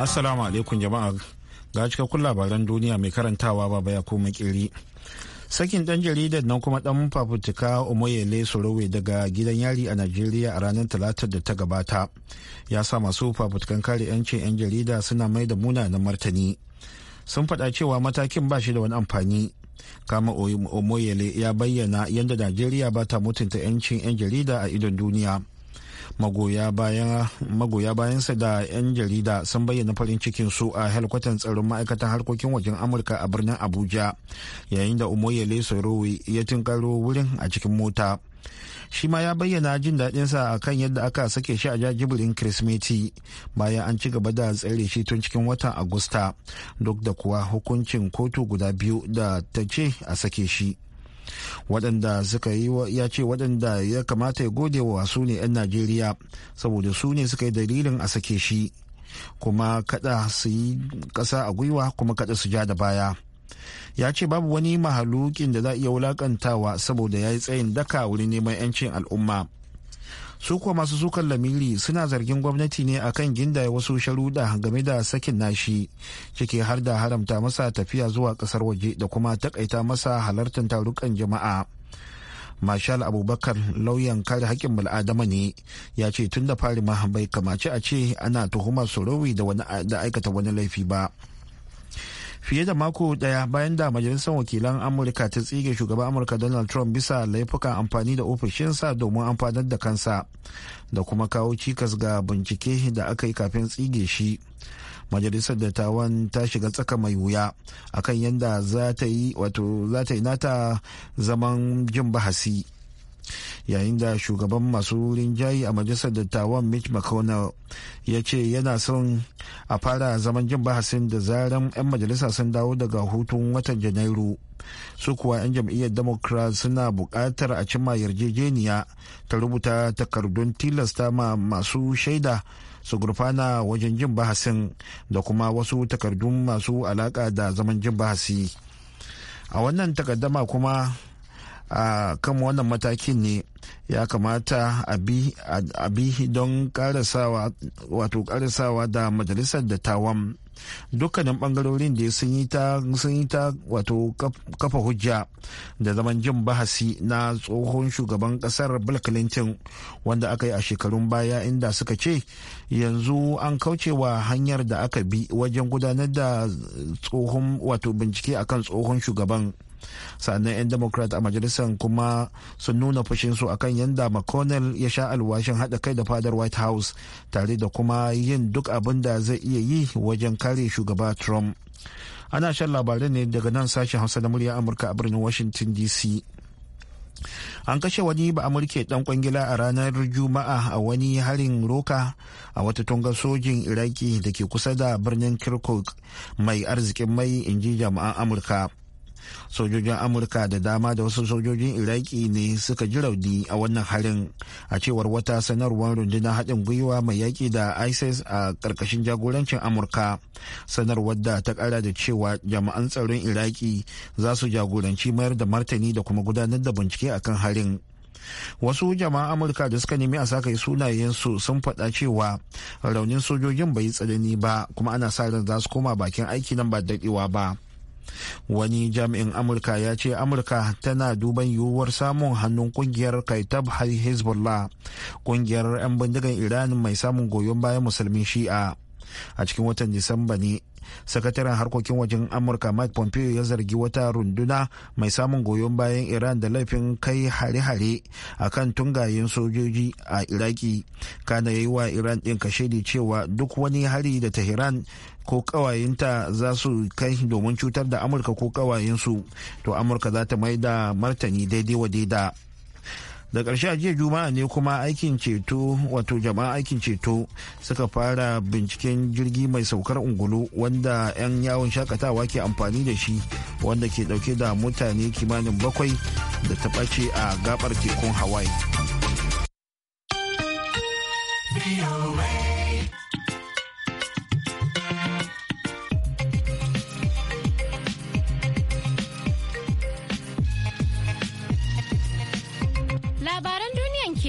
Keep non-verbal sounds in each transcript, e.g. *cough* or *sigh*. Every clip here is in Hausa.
Assalamu alaikum jama'a ga cikakkun labaran duniya mai karantawa baba ya koma kiri. Sakin dan jaridar nan kuma dan fafutuka Omoyele Sorowe daga gidan yari a Najeriya a ranar talatar da ta gabata ya sa masu fafutukan kare 'yancin 'yan jarida suna mai da munanan martani. Sun faɗa cewa matakin ba shi da wani amfani. kama omoyele ya bayyana yadda najeriya ba ta mutunta 'yancin 'yan jarida a idon duniya magoya bayansa da 'yan jarida sun bayyana farin cikin su a helikwatan tsaron ma'aikatan harkokin wajen amurka a birnin abuja yayin da umoyele sorowe ya tinkaro wurin a cikin mota shi ma ya bayyana jin daɗinsa a kan yadda aka sake shi a jajibirin kirsimeti bayan an ci gaba da tsare shi tun cikin watan agusta duk da kuwa hukuncin kotu guda biyu da ta ce a sake shi waɗanda suka yi ya ce waɗanda ya kamata ya gode wa su ne 'yan najeriya saboda su ne suka yi dalilin a sake shi kuma kada su yi ƙasa a gwiwa kuma kada su ja da baya ya ce babu wani mahalukin da za iya wulakantawa saboda ya yi tsayin daka wurin neman 'yancin al'umma su kuwa masu sukan lamiri suna zargin gwamnati ne akan gindaya wasu sharuɗa game da sakin nashi ciki har da haramta masa tafiya zuwa ƙasar waje da kuma takaita masa halartar tarukan jama'a Marshal Abubakar lauyan kare haƙƙin bal'adama ne ya ce tun da fari ma bai kamace a ce ana tuhumar Sorowi da aikata wani laifi ba fiye da mako daya bayan da majalisar wakilan amurka ta tsige shugaban amurka donald trump bisa laifukan amfani da ofishinsa domin amfanar da kansa da kuma kawo cikas ga bincike da aka yi kafin tsige shi majalisar dattawan ta shiga tsaka mai wuya akan yadda za ta yi nata zaman jin bahasi yayin da shugaban masu rinjayi a majalisar dattawan mitch mcconnell ya ce yana son a fara zaman jin bahasin da zaran 'yan majalisa sun dawo daga hutun watan janairu su kuwa 'yan jam'iyyar democrat suna buƙatar a cimma yarjejeniya ta rubuta takardun tilasta ma masu shaida su gurfana wajen jin bahasin da kuma wasu takardun masu alaƙa da zaman jin bahasi a wannan takaddama kuma a kan wannan matakin ne ya kamata a bi don karasawa da majalisar dattawan dukkanin bangarorin da sun yi ta wato kafa hujja da zaman jin bahasi na tsohon shugaban kasar bill clinton wanda aka yi a shekarun baya inda suka ce yanzu an kauce wa hanyar da aka bi wajen gudanar da tsohon wato bincike akan tsohon shugaban sannan 'yan democrat a majalisar kuma sun nuna fushin fushinsu akan yadda mcconnell ya sha alwashin haɗa kai da fadar white house tare da kuma yin duk abin da zai iya yi wajen kare shugaba trump ana shan labarai ne daga nan sashen hausa na murya amurka a birnin washington dc an kashe wani ba amurke dan kwangila a ranar juma'a a wani harin roka a wata tunga sojin iraki da ke kusa da birnin kirkuk mai arzikin mai inji jama'an amurka sojojin amurka da dama da wasu sojojin iraki ne suka ji rauni a wannan harin a cewar wata sanarwar rundunar haɗin gwiwa mai yaƙi da isis a ƙarƙashin jagorancin amurka sanarwar da ta ƙara da cewa jama'an tsaron iraki za su jagoranci mayar da martani da kuma gudanar da bincike akan harin wasu jama'an amurka da suka nemi a sunayen su sun faɗa cewa raunin sojojin bai yi tsanani ba kuma ana sa ran za su koma bakin aiki nan ba daɗewa ba wani jami'in amurka ya ce amurka tana duban yiwuwar samun hannun kungiyar kaitab hezbollah kungiyar 'yan bindigan iran mai samun goyon bayan musulmin shi'a a cikin watan disamba ne sakataren harkokin wajen amurka mike pompeo ya zargi wata runduna mai samun goyon bayan iran da laifin kai hare-hare a kan tungayen sojoji a iraki kana yi wa iran ɗin kashedi cewa duk wani hari da tehran ko ƙawayenta za su kai domin cutar da amurka ko ƙawayensu to amurka za ta mai da martani daidai wa daida da ƙarshe a jiya juma'a ne kuma aikin ceto wato jama'a aikin ceto suka fara binciken jirgi mai saukar ungulu wanda 'yan yawon shakatawa ke amfani da shi wanda ke dauke da mutane kimanin bakwai da ta ɓace a gabar tekun hawaii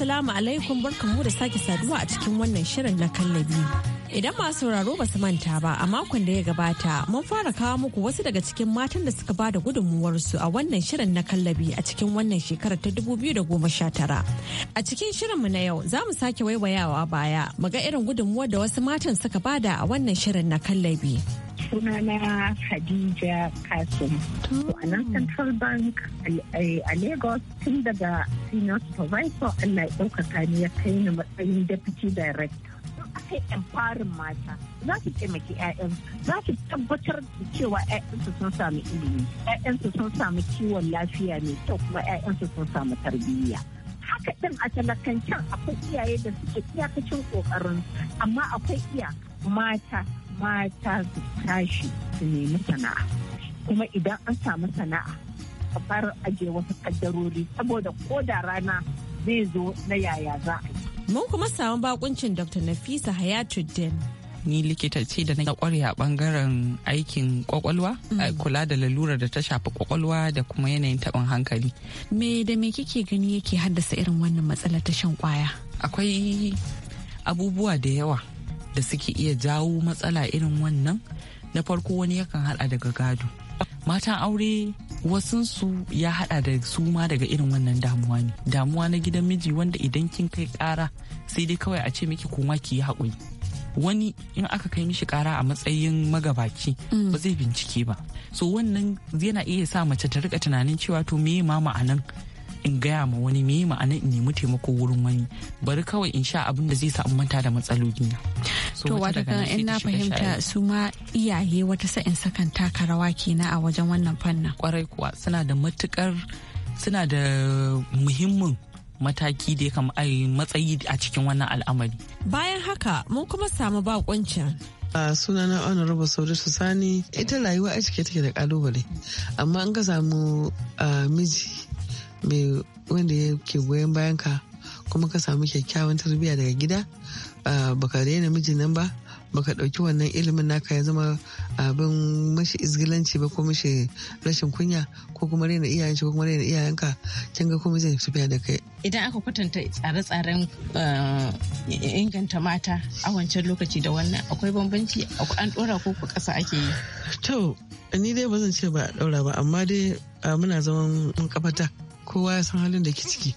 Assalamu alaikum mu da sake saduwa a cikin wannan shirin na kallabi. Idan masu sauraro ba su manta ba a makon da ya gabata mun fara kawo muku wasu daga cikin matan da suka bada gudunmuwarsu a wannan shirin na kallabi a cikin wannan shekarar ta 2019. A cikin shirinmu na yau za mu sake waiwayawa baya mu ga irin gudunmuwar da wasu matan suka bada a wannan shirin na kallabi. suna na hadija Kasim. A nan Central Bank a Lagos tun daga senior supervisor Allah ya ɗaukaka ni ya kai ni matsayin deputy director. Aka yi empowerin mata za su taimaki 'ya'yansu za su tabbatar da cewa 'ya'yansu sun samu ilimi 'ya'yansu sun samu kiwon lafiya mai kyau kuma 'ya'yansu sun samu tarbiyya. haka din a talakancin akwai iyaye da suke iyakacin ƙoƙarin amma akwai iya mata mata su tashi su nemi sana'a kuma idan an samu sana'a a fara ajiye wasu kaddarori saboda ko da rana zai zo na yaya za a yi. Mun kuma samu bakuncin Dr. Nafisa Hayatuddin. ni likita ce da na kware a bangaren aikin kwakwalwa mm. kula da lalurar da ta shafi kwakwalwa da kuma yanayin taɓin hankali me da me kike gani yake haddasa irin wannan matsalar ta shan kwaya akwai abubuwa da yawa da suke iya jawo matsala irin wannan na farko wani yakan hada daga gado matan aure wasunsu ya hada da su ma daga irin wannan damuwa ne damuwa na gidan miji wanda idan kin kai kara sai dai kawai a ce miki koma ki yi haƙuri wani in aka kai mishi kara a matsayin magabaci ba zai bincike ba so wannan yana iya sa mace ta rika tunanin cewa to me ma ma'anan in gaya ma wani me ma'ana in nemi taimako wurin wani bari kawai in sha abin da zai samu mata manta da matsaloli na to wata kan in na fahimta su ma iyaye wata sa'in sakan taka rawa kenan a wajen wannan fannin kwarai kuwa suna da matukar suna da muhimmin mataki da ya matsayi a cikin wannan al'amari bayan haka mun kuma samu bakoncin a sunana honorable saudatu sani ita rayuwa a cike take da kalubale amma an ga samu miji mai wanda ke goyon bayan ka kuma ka samu kyakkyawan tarbiyya daga gida baka daina mijin nan ba baka dauki wannan ilimin naka ya zama abin mashi izgilanci ba ko mashi rashin kunya ko kuma raina iyayen ko kuma raina iyayenka kin ga kuma zai tafiya da kai idan aka kwatanta tsare-tsaren inganta mata a wancan lokaci da wannan akwai bambanci an ɗora ko ku ƙasa ake yi to ni dai ba zan ce ba a daura ba amma dai muna zaman kafata kowa ya san halin da ke ciki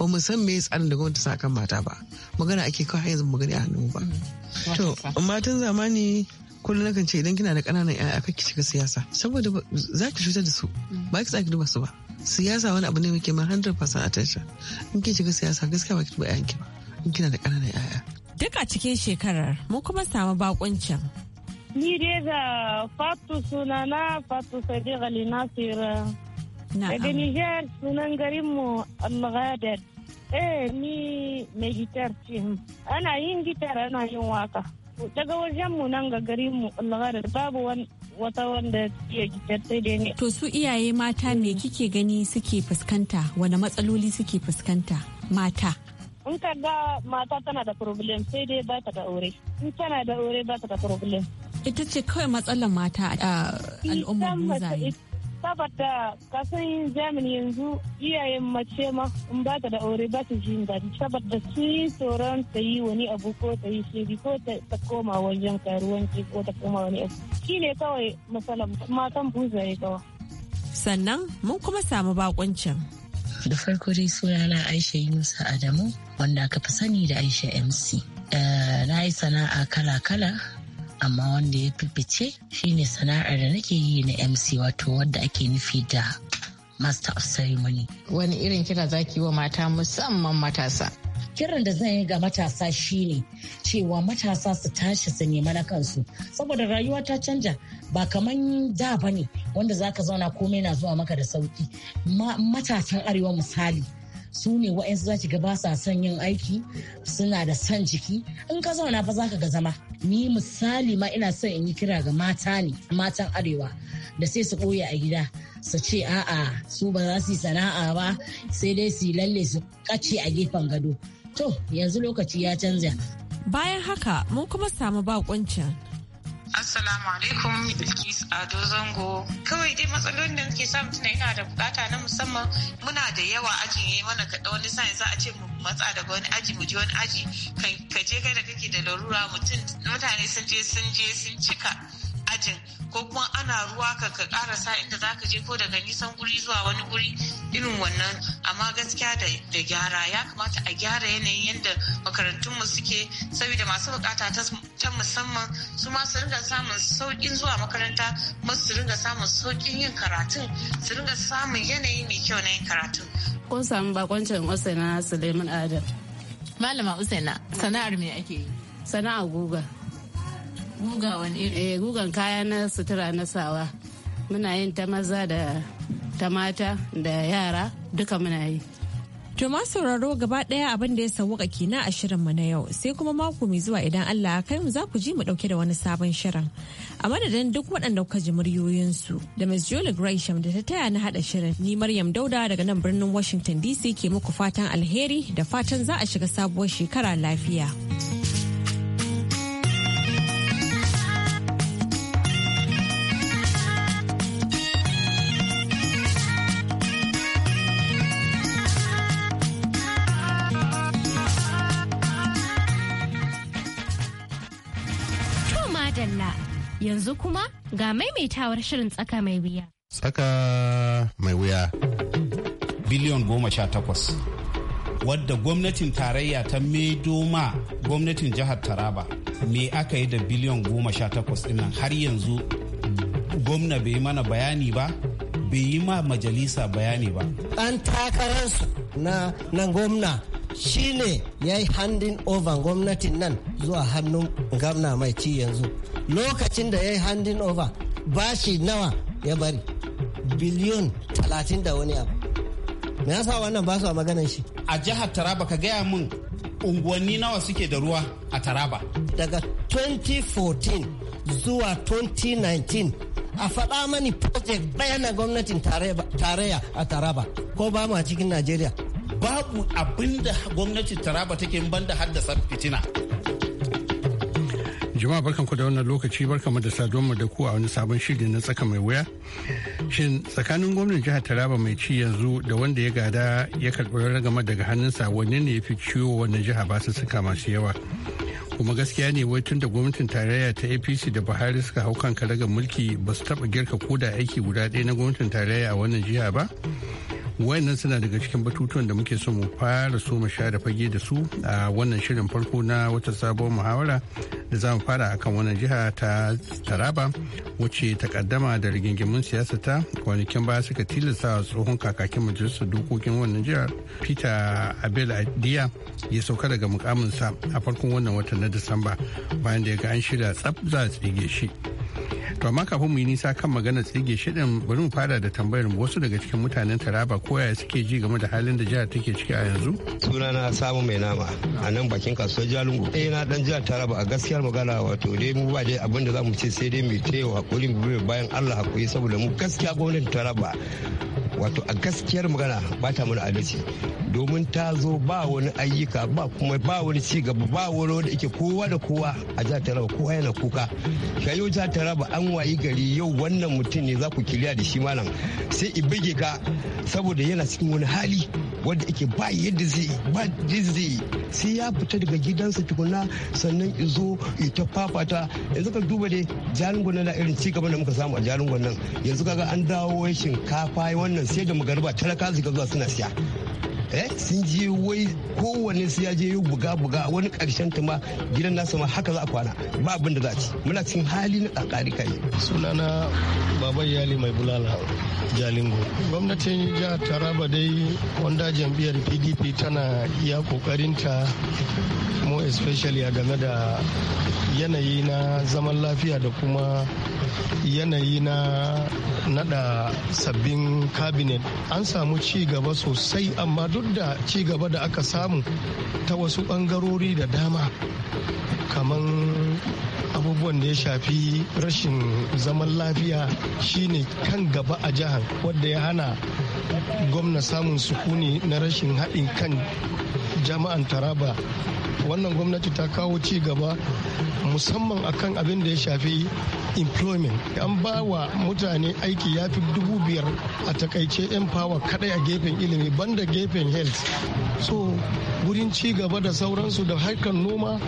ba mu san me tsarin da gwamnati sa kan mata ba magana ake kawai yanzu magana a hannu ba mm. to matan zamani kullum nakan ce idan kina da ƙananan yaya kake shiga siyasa saboda za ki cutar da su mm. ba ki tsaki duba su ba siyasa wani abu ne mai ma 100% attention in ki shiga siyasa gaskiya ba ki duba yayanki ba in kina da ƙananan yaya duk a cikin shekarar mun kuma samu bakuncin ni dai da fatu sunana fatu sadiqa linasir Daga Nijar sunan garinmu Magadar. Eh ni mai gitar ce. Ana yin gitar ana yin waka. Daga wajenmu nan ga garinmu Magadar babu wata wanda ke gitar sai dai ne. To su iyaye mata me kike gani suke fuskanta? Wane matsaloli suke fuskanta mata? in ka ga mata tana da problem sai dai ba ta da aure in tana da aure ba ta da problem ita ce kawai matsalar mata a al'ummar zai. saboda kasan germany yanzu iyayen mace ma in ba ta da aure ba ta jin daɗi saboda su yi tsoron ta yi wani abu ko ta yi shiri ko ta koma wajen karuwanci ko ta koma wani abu shi ne kawai matsalar matan ya kawa. sannan mun kuma samu bakuncin da farko dai na aisha yunusa adamu wanda aka fi sani da aisha mc eh, na yi sana'a kala-kala amma wanda ya fifice shine sana'ar da nake yi na mc wato wadda ake nufi da master of ceremony wani irin kira zaki wa mata musamman matasa kiran da zan yi ga matasa shine cewa matasa su tashi su nema na kansu saboda rayuwa ta canja ba kaman da bane wanda zaka zauna komai na zuwa maka da sauki matasan arewa misali su ne waɗansu za ki ga ba sa son yin aiki suna da son jiki in ka zauna fa za ka ga zama ni misali ma ina son in yi kira ga mata ne matan arewa da sai su ɓoye a gida su ce a'a su ba za su yi sana'a ba sai dai su lalle su kace a gefen gado to yanzu lokaci ya canza. bayan haka mun kuma samu bakuncin Assalamu alaikum Bilkis Ado Zango. Kawai dai matsalolin da muke samu tunai yana da bukata na musamman muna da yawa ajin yayi mana kaɗa wani sa'in za a ce mu matsa daga wani aji mu je wani aji ka je kai da kake da larura mutum mutane sun je sun je sun cika ajin ko kuma ana ruwa ka ka karasa inda za ka je ko daga nisan guri zuwa wani guri irin wannan amma gaskiya da gyara ya kamata a gyara yanayin yadda makarantunmu suke saboda masu bukata ta musamman su ma su ringa samun saukin zuwa makaranta kuma su ringa samun saukin yin karatun su ringa samun yanayi mai kyau na yin karatun. Kun samu bakoncin Usaina Suleiman Adam. Malama Usaina sana'ar me ake yi? Sana'a guga. guga eh, gugan kaya na sutura na sawa muna yin ta maza da ta mata da yara duka muna yi To ma sauraro gaba daya abin da ya sauwaka kenan a shirin mu na yau sai kuma mako mai zuwa idan Allah ya kai mu za ku ji mu dauke da wani sabon shirin. A madadin duk waɗanda kuka ji muryoyinsu da Ms. Julie Gresham da ta taya na hada shirin ni Maryam Dauda daga nan birnin Washington DC ke muku fatan alheri da fatan za a shiga sabuwar shekara lafiya. madalla yanzu kuma ga maimaitawar shirin tsaka mai wuya. Tsaka mai wuya. Biliyon goma sha takwas. Wadda gwamnatin tarayya ta ma gwamnatin jihar Taraba me aka yi da biliyon goma sha takwas dinnan har yanzu gwamna bai yi mana bayani ba bai yi ma majalisa bayani ba. Ɗan takararsu na, na gwamna shine ya yi handin over gwamnatin nan zuwa hannun gamna mai ci yanzu lokacin da ya yi handin over bashi nawa ya bari biliyon talatin da wani abu me yasa wannan ba su a maganan shi a jihar taraba ka gaya mun unguwanni nawa suke da ruwa a taraba daga 2014 zuwa 2019 a faɗa mani project ɗaya na gwamnatin tarayya a taraba ko ba mu a cikin najeriya babu abinda da gwamnati taraba take banda haddasa fitina jama'a ku da wannan lokaci mu da saduwanmu da ku a wani sabon shiri na tsaka mai wuya shin tsakanin gwamnan jihar taraba mai ci yanzu da wanda ya gada ya karɓi ragama daga hannunsa wanne ne ya fi ciwo wannan jiha ba su suka masu yawa kuma gaskiya ne wai tun da gwamnatin tarayya ta apc da buhari suka hau kan karagar mulki ba su taɓa girka ko da aiki guda ɗaya na gwamnatin tarayya a wannan jiha ba wayannan suna daga cikin batutuwan da muke so mu fara so mu share fage da su a wannan shirin farko na wata sabon muhawara da za mu fara akan wannan jiha ta taraba wacce ta kaddama da rigingimin siyasa ta kwanakin baya suka tilasta tsohon kakakin majalisar dokokin wannan jihar peter abel adiya ya sauka daga mukaminsa a farkon wannan watan na disamba bayan da ya ga an shirya tsab za a tsige shi to amma kafin mu yi nisa kan magana tsige shirin bari mu fara da tambayar wasu daga cikin mutanen taraba ko yaya suke ji game da halin da jihar take ciki a yanzu sunana samu mai nama a nan bakin kasuwar jalingo eh na dan jihar taraba a gaskiyar magana wato dai mu ba dai abin da za mu ce sai dai mu tewa hakuri mu bayan Allah hakuri saboda mu gaskiya gwamnatin taraba wato a gaskiyar magana ba ta mana adalci domin ta zo ba wani ayyuka ba kuma ba wani ci gaba ba wani wanda yake kowa da kowa a jihar taraba kowa yana kuka shayo jihar taraba an wayi gari yau wannan mutum ne za ku kiliya da shi malam sai i bige ka saboda yana cikin wani hali wanda yake ba yadda zai ba zai sai ya fita daga gidansa tukuna sannan izo ta fafata yanzu ka duba dai jarin gwanan na irin ci gaba da muka samu a jarin gwanan yanzu kaga an dawo shinkafa wannan siyar da magariba talaka zika zuwa suna siya eh sun je wai kowanne su ya je yi buga buga wani karshen ta ma gidan nasu ma haka za a kwana ba abin da za ci muna cikin hali na kakari kai sunana baba yali mai bulala jalingo gwamnatin jihar taraba dai wanda jam'iyyar pdp tana iya kokarinta mo especially a game da yanayi na zaman lafiya da kuma yanayi na nada sabbin cabinet an samu ci gaba sosai amma duk da ci gaba da aka samu ta wasu ɓangarori da dama kamar abubuwan da ya shafi rashin zaman lafiya shine kan gaba a jihar wadda ya hana gwamna samun sukuni na rashin haɗin kan jama'an taraba wannan gwamnati ta kawo ci gaba musamman akan abin da ya shafi employment an ba wa mutane aiki ya fi dubu biyar a takaice empower kadai a gefen ilimi banda gefen health so wurin ci gaba da sauransu da harkan noma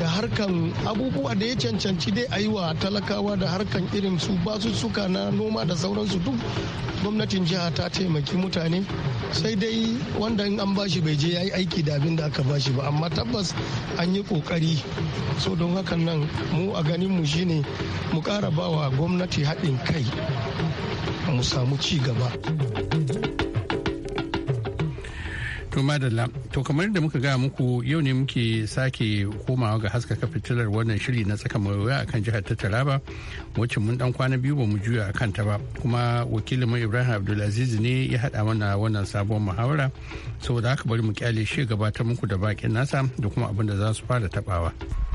da harkan abubuwa da ya cancanci dai a yi wa talakawa da harkan irin su suka na noma da sauransu duk gwamnatin jiha ta taimaki mutane sai dai wanda in an bashi bai je ya yi aiki da abin da aka bashi ba amma tabbas an yi kokari so don hakan nan mu a ganin mu shine mu ƙara wa gwamnati haɗin kai mu samu ci gaba. To madalla, to kamar da muka gaya muku yau ne muke sake komawa ga haskaka fitilar wannan shiri na tsaka mai wuya akan jihar ta Taraba wacce mun dan kwana biyu ba mu juya akan ta ba kuma wakilin mai Ibrahim Abdulaziz ne ya haɗa mana wannan sabon muhawara saboda haka bari mu kyale shi gabatar muku da bakin nasa da kuma abin da za su fara tabawa.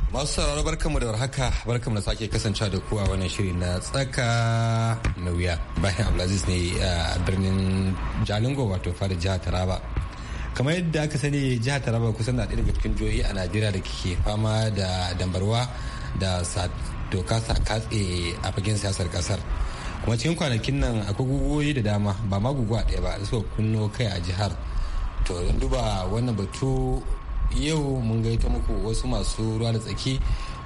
Masu sauraro barkanmu da warhaka barkanmu da sake kasancewa da kuwa wannan shiri na tsaka na wuya bayan Abdulaziz ne a birnin Jalingo wato fara jihar Taraba. Kamar yadda aka sani jihar Taraba kusan na ɗaya daga cikin jihohi a Najeriya da ke fama da dambarwa da doka sa katse a fagen siyasar kasar. Kuma cikin kwanakin nan akwai guguwoyi da dama ba ma guguwa ɗaya ba da suka kunno kai a jihar. To duba wannan batu yau mun gaita muku wasu masu ruwa da tsaki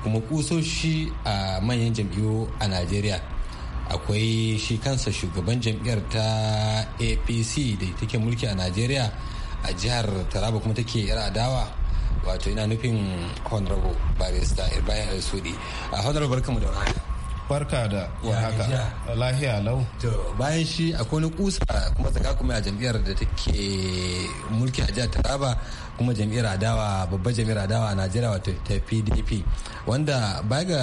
kuma kusoshi a manyan jam'iyyu a najeriya akwai shi kansa shugaban jam'iyyar ta apc da take mulki a najeriya a jihar taraba kuma take yar adawa wato ina nufin honorable barista ibrahim al-sudi a honorable barkamu da warhaka barka da warhaka lahiya lau to bayan shi akwai wani kusa kuma tsaka kuma a jam'iyyar da take mulki a jihar taraba kuma jam'iyyar adawa babbar jam'iyyar adawa a najeriya wato ta pdp wanda baya ga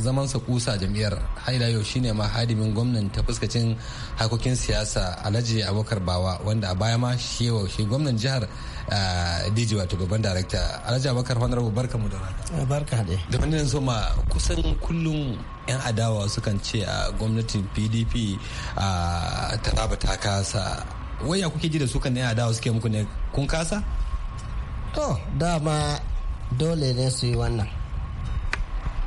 zamansa kusa jam'iyyar haila yau shine ma hadimin gwamnan ta fuskacin hakokin siyasa alhaji abokar bawa wanda a baya ma shi yau shi gwamnan jihar ah, dj wato babban darakta alhaji abokar honorable eh, barka mu da rana barka da da wani so ma kusan kullum 'yan adawa sukan ce a gwamnatin pdp ah, ta raba ta kasa ya kuke ji da su kan 'yan adawa suke muku ne kun kasa to dama dole ne su yi wannan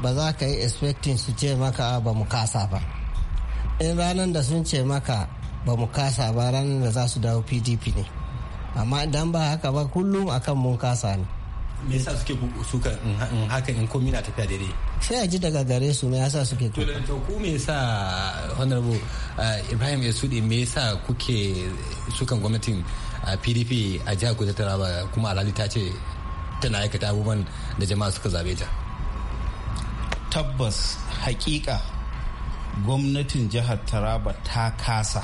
ba za ka yi expecting su ce maka ah, ba mu kasa ba in ranar da sun ce maka ba mu kasa ba ranar da za su dawo pdp ne amma idan ba haka ba kullum akan mun kasa ne me yasa suke suka in haka in komi na tafiya daidai sai a ji daga gare su me yasa suke to da to ku me yasa honorable uh, Ibrahim Yasudi me yasa kuke sukan gwamnatin a pdp a jihar kudu ta kuma alhali ta ce tana aikata abubuwan da jama'a suka zabe ta tabbas hakika gwamnatin jihar taraba ta kasa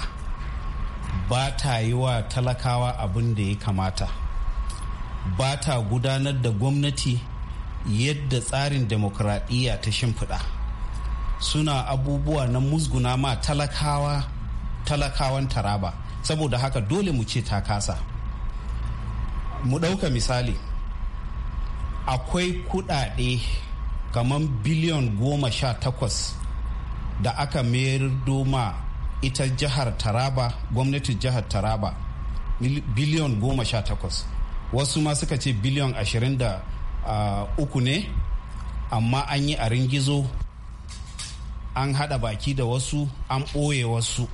ba ta yi wa talakawa abin da ya kamata ba ta gudanar da gwamnati yadda tsarin demokuraɗiyya ta shimfiɗa suna abubuwa na musguna ma talakawa talakawan taraba saboda haka dole mu ce ta kasa mu ɗauka misali akwai kuɗaɗe kamar biliyon goma sha takwas da aka mayar doma ita jihar taraba gwamnatin jihar taraba biliyon goma sha takwas wasu ma suka ce biliyon ashirin da uku ne amma an yi a ringizo an haɗa baki da wasu an ɓoye wasu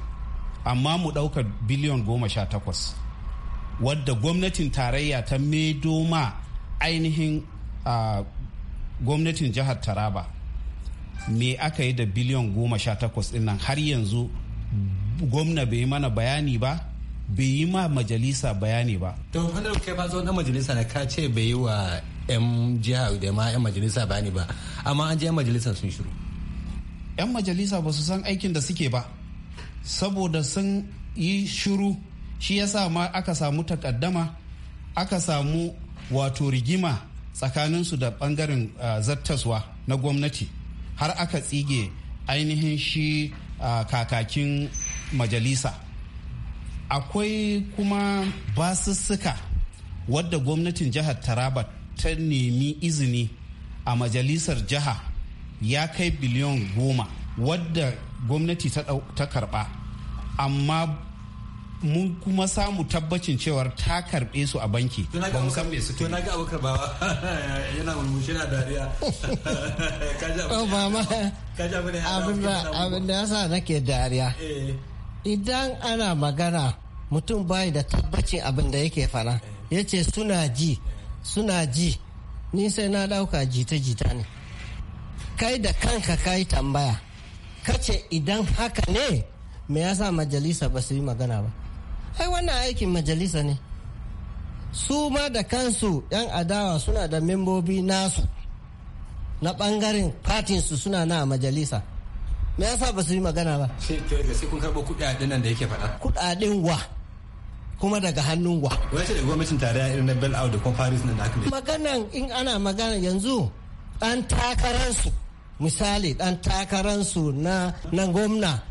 amma mu ɗauka biliyon goma sha takwas wadda gwamnatin tarayya ta maido ma ainihin gwamnatin jihar taraba me aka yi da biliyon goma sha takwas dinnan har yanzu gwamna bai yi mana bayani ba bai yi ma majalisa bayani ba. to hannun kai ba zo na majalisa na ka ce bai yi wa 'yan jiha da ma 'yan majalisa bayani ba amma an je 'yan majalisa sun shiru. 'yan majalisa ba su san aikin da suke ba saboda sun yi shiru shi yasa ma aka samu takaddama aka samu wato rigima tsakaninsu da bangaren zattaswa na gwamnati har aka tsige ainihin shi kakakin majalisa akwai kuma basussuka wadda gwamnatin jihar taraba ta nemi izini a majalisar jiha ya kai biliyon goma wadda gwamnati ta karba amma mun kuma samu tabbacin cewar ta karbe su a banki ba mu san me su to naga abu karbawa *laughs* yana mulmushi na dariya *laughs* kaja oh, mama kaja bane abinda abinda yasa nake dariya eh. idan ana magana mutum bai da tabbacin abin da yake fara yace suna ji suna ji ni sai na dauka jita jita ne kai da kanka kai tambaya kace idan haka ne me yasa majalisa ba su yi magana ba ai wannan aikin majalisa ne su ma da kansu 'yan adawa suna da membobi nasu na bangaren su suna na majalisa me yasa ba su yi magana ba sai kun karɓo kuɗaɗen nan da yake faɗa kuɗaɗen wa kuma daga hannun wa wani da gwamnatin tarayya irin na bell out da kuma paris na da aka maganan in ana magana yanzu an takararsu misali ɗan takararsu na gwamna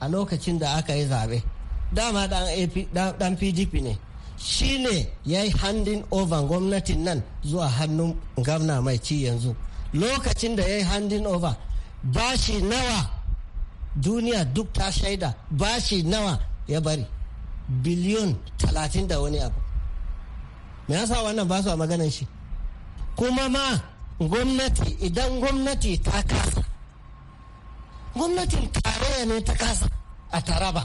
a lokacin da aka yi zaɓe dama ɗan pdp ne shi ne ya yi handin over gwamnatin nan zuwa hannun gwamna mai ci yanzu lokacin da ya yi handin over bashi nawa duniya duk ta shaida bashi nawa ya bari biliyon talatin da wani abu me yasa wannan ba su a maganan shi kuma ma gwamnati idan gwamnati ta kasa gwamnatin tarayya ne ta kasa a taraba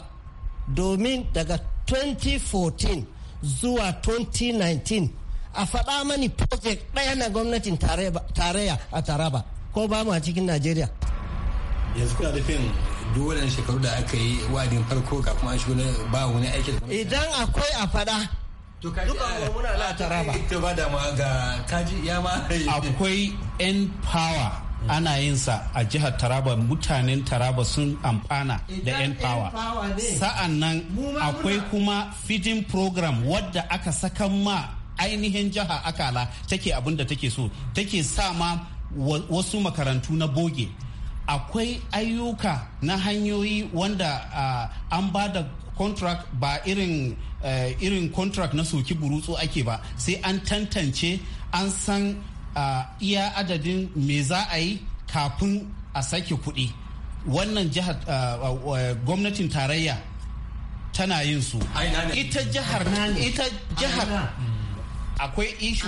domin daga 2014 zuwa 2019 a faɗa mani project ɗaya na gwamnatin tarayya a taraba ko ba mu a cikin najeriya yanzu kuna nufin duk waɗannan shekaru da aka yi wadin farko kafin an shigo ba wani aikin idan akwai a faɗa to muna eh, ah, taraba to ba da ma ga kaji ya ma akwai n power ana yin sa a jihar taraba mutanen taraba sun amfana da yan power sa'an nan akwai kuma feeding program wadda aka saka ma ainihin jiha akala take abin da take so take sa ma wasu makarantu na boge akwai ayyuka na hanyoyi wanda ah, an ba da contract ba irin uh, irin contract na soki burutsu ake ba sai an tantance an san uh, iya adadin me za a yi kafin a sake kuɗi wannan jihar eh, gwamnatin tarayya tana yin su ita jihar ita jihar akwai ishu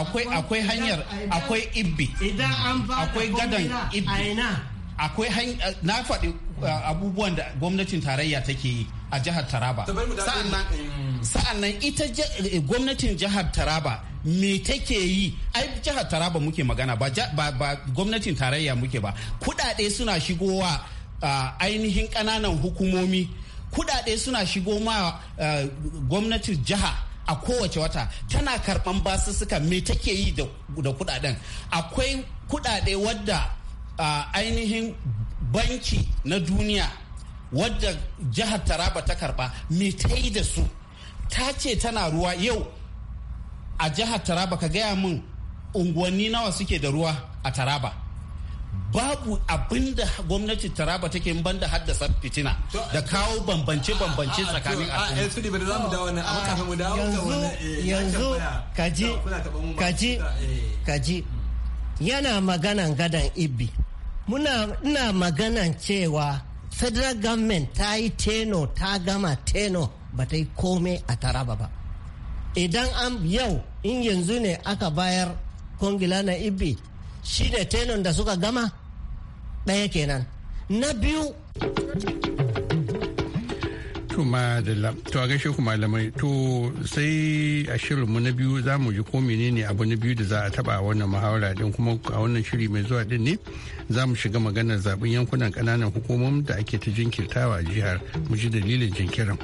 akwai akwai hanyar akwai ibbi akwai gadan ibbi akwai na faɗi abubuwan da gwamnatin tarayya take yi a jihar Taraba. Sa'annan ita eh, gwamnatin jihar Taraba me take yi ai jihar Taraba muke magana ba gwamnatin tarayya muke ba kudade suna shigowa ah, ainihin ƙananan hukumomi kudade suna shigo ma eh, gwamnatin jiha a kowace wata tana karban basussuka me take yi da kudaden akwai kudade wadda ah, ainihin banki na duniya wadda jihar taraba ta karba me ta yi da su ta ce tana ruwa yau a jihar taraba ka gaya min unguwanni nawa suke da ruwa a taraba babu abin da gwamnati taraba take ban da haddasa fitina da kawo bambance bambance tsakanin kaji kaji kaji yana maganan gadan ibi muna ina maganan cewa federal government ta yi teno ta gama teno ba ta yi komai a taraba ba idan an yau in yanzu ne aka bayar kongila na ibi shi ne tenon da suka gama ɗaya kenan na biyu To da to a gaishe ku malamai to sai a shirinmu na biyu za mu ji ko menene abu na biyu da za a taba a wannan muhawara din kuma a wannan shiri mai zuwa din ne za mu shiga maganar zaben yankunan kananan hukumomin da ake ta jinkirtawa a jihar mu ji dalilin jinkirin.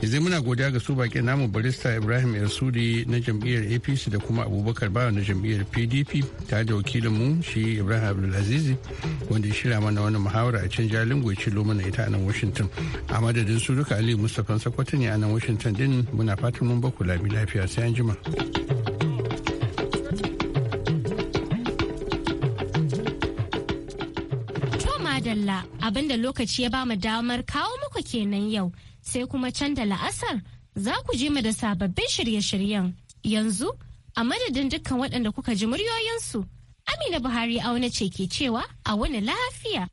Yanzu muna godiya ga su baƙi namu barista Ibrahim Yansudi na jam'iyyar APC da kuma Abubakar Bawa na jam'iyyar PDP tare da wakilinmu shi Ibrahim abdul'azizi wanda ya shirya mana wani muhawara a can Jalingo ya mana ita a nan Washington. A madadin su duka Ali mustapha sakwato ne a nan washington din muna fatan mun baku lami lafiya sai an jima madalla abinda lokaci ya bamu damar kawo muku kenan yau sai kuma can da la'asar za ku je mu da sababbin shirye-shiryen yanzu a madadin dukkan waɗanda kuka ji muryoyinsu amina buhari auna ce ke cewa a wani lafiya.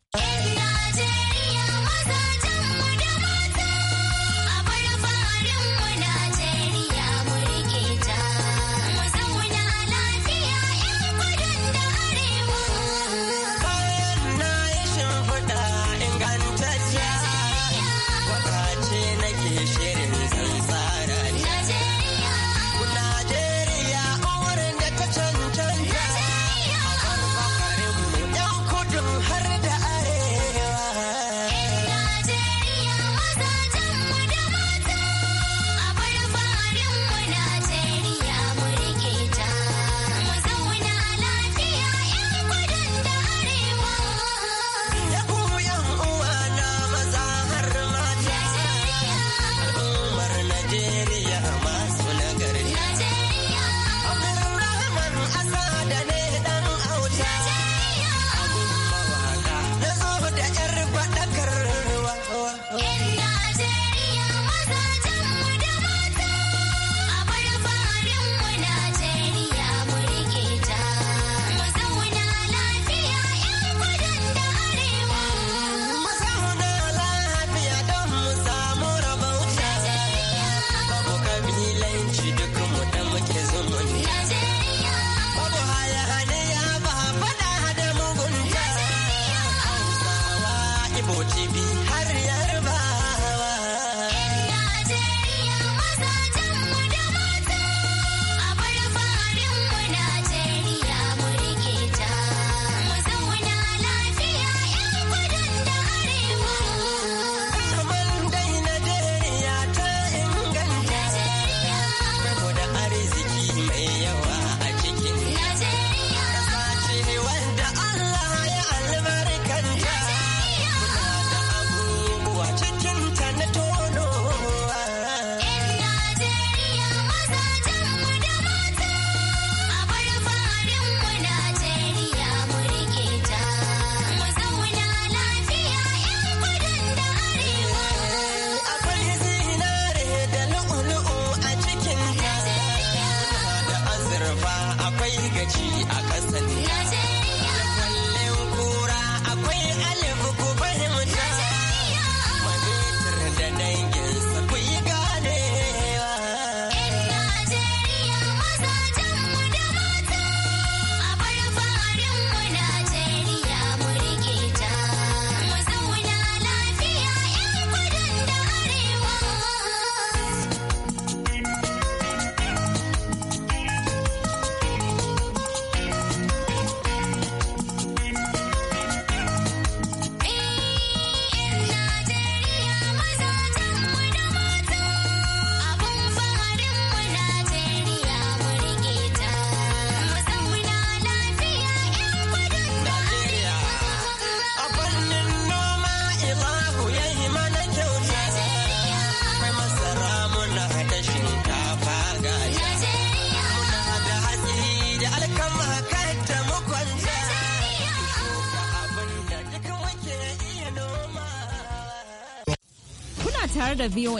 VOA